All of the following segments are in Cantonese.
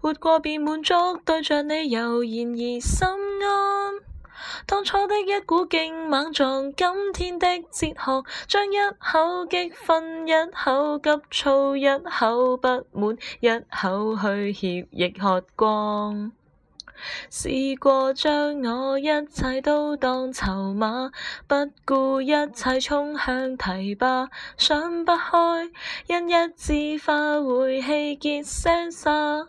活過便滿足，對着你悠然而心安。當初的一股勁猛撞，今天的哲學，將一口激憤，一口急躁，一口不滿，一口虛怯，亦喝光。試過將我一切都當籌碼，不顧一切衝向堤壩，想不開，因一枝花會氣結聲沙，啊。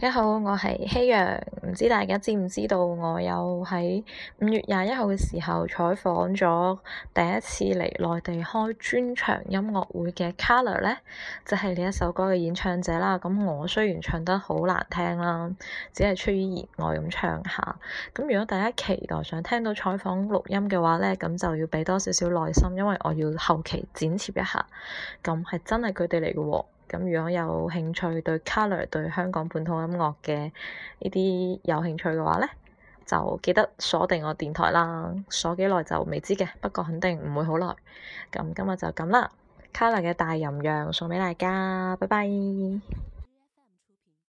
大家好，我係希陽，唔知大家知唔知道我有喺五月廿一號嘅時候採訪咗第一次嚟內地開專場音樂會嘅 Color 呢，就係呢一首歌嘅演唱者啦。咁我雖然唱得好難聽啦，只係出於意外咁唱一下。咁如果大家期待想聽到採訪錄音嘅話呢，咁就要畀多少少耐心，因為我要後期剪切一下。咁係真係佢哋嚟嘅。咁如果有興趣對 Kolor 對香港本土音樂嘅呢啲有興趣嘅話咧，就記得鎖定我電台啦。鎖幾耐就未知嘅，不過肯定唔會好耐。咁今日就咁啦，Kolor 嘅大吟釀送畀大家，拜拜。